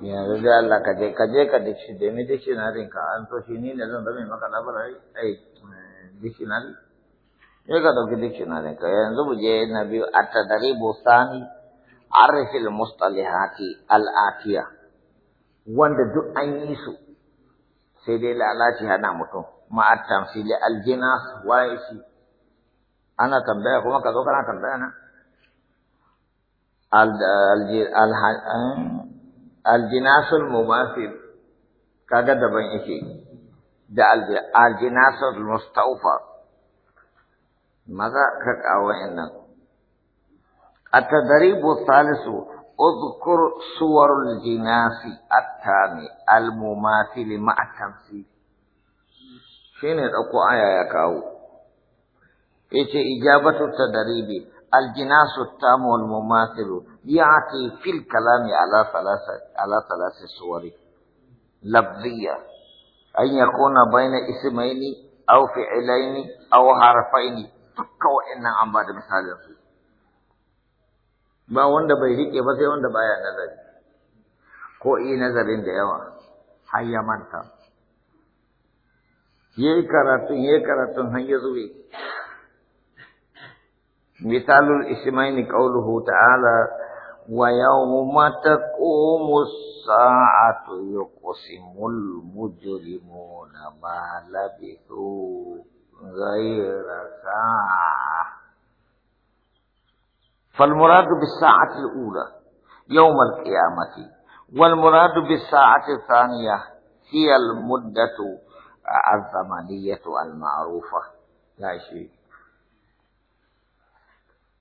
yanzu da Allah ka je ka je ka dikshi da mi dictionary ka an so shi ni ne zan zame maka labarai ai dictionary ya ka dauki dictionary ka yanzu mu je na biyu at-tadribu sani arif al-mustalihati al-atiya wanda duk an yi su sai dai lalaci hana mutum ma at-tamsili al-jinas wa shi ana tambaya kuma ka zo kana tambaya na aljinasul eh? mumasir kaga daban yake da aljinasul mustaufa maza ka kawo innan atadaribu salisu اذكر صور الجناس التامي المماثل مع التمثيل شنو اكو ايه يا كاو Ijabatu اجابه الجناس التام والمماثل يعطي في الكلام على ثلاثة على ثلاثة صور لفظية أن يكون بين اسمين أو فعلين أو حرفين تكو إن عم بعد مثال ba wanda bai rike ba sai wanda baya nazari ko yi nazarin da yawa har ya manta yayi karatun مثال الاسمين قوله تعالى ويوم تقوم الساعة يقسم المجرمون ما لبثوا غير ساعة فالمراد بالساعة الأولى يوم القيامة والمراد بالساعة الثانية هي المدة الزمنية المعروفة لا شيء